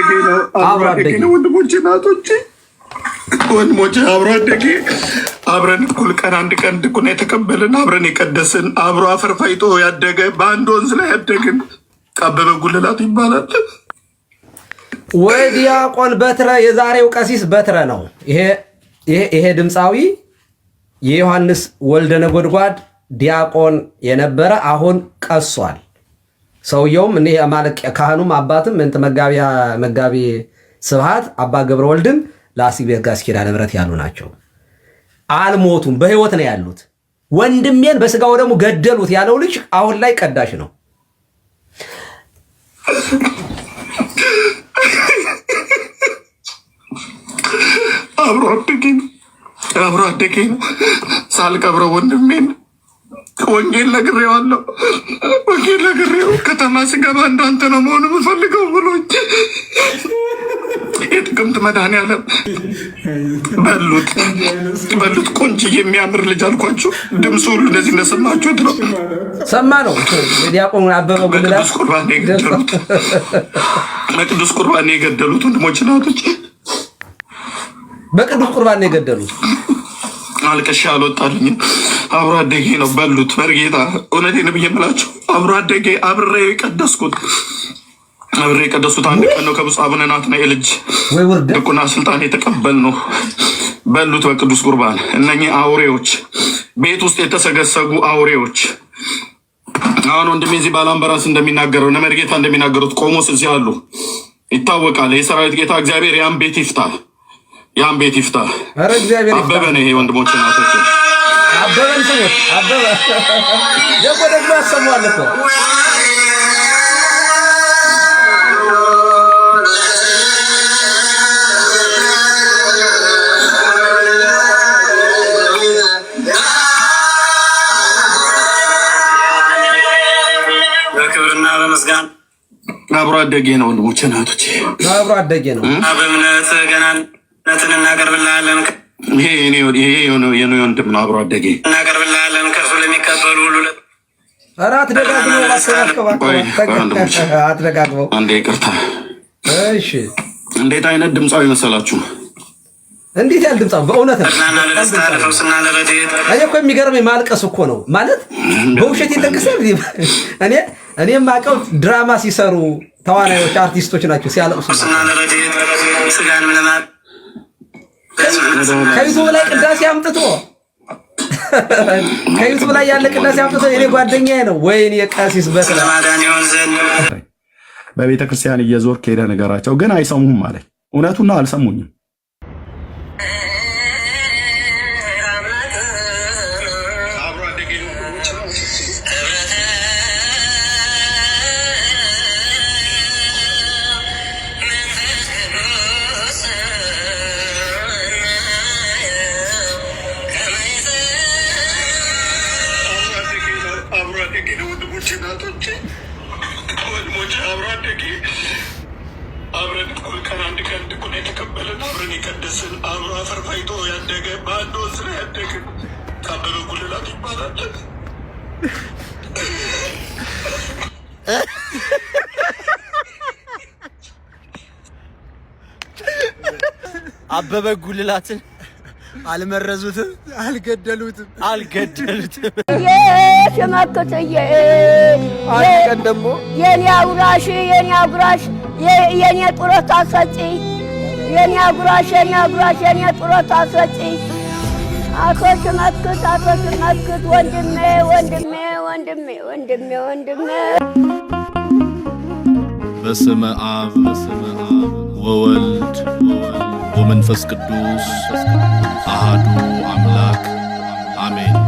አደጌ ነው፣ አብሮ አደጌ ነው። ወንድሞቼ ናቶቼ ወንድሞቼ አብሮ አደጌ አብረን እኩል ቀን አንድ ቀን ድቁና የተቀበልን አብረን የቀደስን አብሮ አፈር ያደገ በአንድ ወንዝ ላይ ያደግን ቀበበ ጉልላት ይባላል። ወይ ዲያቆን በትረ የዛሬው ቀሲስ በትረ ነው። ይሄ ድምፃዊ የዮሐንስ ወልደ ነጎድጓድ ዲያቆን የነበረ አሁን ቀሷል። ሰውየውም እኔ ማለት ካህኑም አባትም እንትን መጋቢያ መጋቢ ስብሐት አባ ገብረ ወልድም ቤት ጋር ኪዳነ ምሕረት ያሉ ናቸው። አልሞቱም፣ በህይወት ነው ያሉት። ወንድሜን በስጋው ደግሞ ገደሉት ያለው ልጅ አሁን ላይ ቀዳሽ ነው። አብሮ አደጌ ነው። አብሮ አደጌ ነው። ሳልቀብረው ወንድሜን ወንጌል ነግሬዋለሁ። ወንጌል ነግሬው ከተማ ስገባ እንዳንተ ነው መሆኑ የምፈልገው ብሎ የጥቅምት መድኃኒዓለም በሉት በሉት። ቆንጆ የሚያምር ልጅ አልኳችሁ። ድምፁ ሁሉ እንደዚህ እንደሰማችሁት ነው። ሰማ ነው ዲያቆን አበበ የገደሉት በቅዱስ ቁርባን የገደሉት ወንድሞች ናቶች በቅዱስ ቁርባን የገደሉት አልቅሼ አልወጣልኝ። አብሮ አደጌ ነው በሉት። በርጌታ እውነቴን ብዬ የምላቸው አብሮ አደጌ አብሬ የቀደስኩት አብሬ የቀደሱት አንድ ቀን ነው ከብፁዕ አቡነ ናትናኤል ልጅ ድቁና ስልጣን የተቀበል ነው በሉት። በቅዱስ ቁርባን እነኚህ አውሬዎች ቤት ውስጥ የተሰገሰጉ አውሬዎች አሁን ወንድሜ እዚህ ባላምበራስ እንደሚናገረው ነመድ ጌታ እንደሚናገሩት ቆሞስ እዚህ አሉ ይታወቃል። የሰራዊት ጌታ እግዚአብሔር ያን ቤት ይፍታል። ያን ቤት ይፍታ። አረ እግዚአብሔር ይፍታ። አበበ ነው ይሄ ወንድሞች ናቶች አበበን ስሙት። አበበ ደግሞ ደግሞ ያሰማዋል እኮ አብሮ አደጌ ነው ወንድሞች ናቶች አብሮ አደጌ ነው በእምነት ገናን ነትን እናቀርብልሃለን። ይሄ የኔ ወንድም ነው፣ አብሮ አደጌ እናቀርብልሃለን። ከእርሱ ለሚቀበሉ ሁሉ አንዴ ይቅርታ። እንዴት አይነት ድምፃዊ መሰላችሁ? እንዴት ያህል በእውነት እኔ እኮ የሚገርመኝ ማልቀስ እኮ ነው ማለት በውሸት እኔ እኔ የማውቀው ድራማ ሲሰሩ ተዋናዮች አርቲስቶች ናቸው ሲያለቅሱ ከዩቱብ ላይ ቅዳሴ አምጥቶ ከዩቱብ ላይ ያለ ቅዳሴ አምጥቶ የኔ ጓደኛዬ ነው። ወይን ቀሲስ በስለ በቤተ ክርስቲያን እየዞር ከሄደ ነገራቸው ግን አይሰሙም አለኝ። እውነቱና አልሰሙኝም። ማሳደጌ አብረን ቀን አንድ ቀን ድቁን የተቀበለን አብረን የቀደስን አብሮ አፈር ፋይቶ ያደገ በአንድ ወንዝ ላይ ያደግን ካበበ ጉልላት ይባላል። አበበ ጉልላትን አልመረዙትም፣ አልገደሉትም፣ አልገደሉትም። የሸማከተየ አንድ ቀን ደግሞ የኔ አጉራሽ የኔ አጉራሽ የኔ ጡረታ ሰጪ የኔ አጉራሽ የኔ አጉራሽ የኔ ጡረታ ሰጪ አቶ ሽመክት አቶ ሽመክት ወንድሜ ወንድሜ ወንድሜ ወንድሜ ወንድሜ በስመ አብ ወወልድ ወወልድ ወመንፈስ ቅዱስ አሃዱ አምላክ አሜን።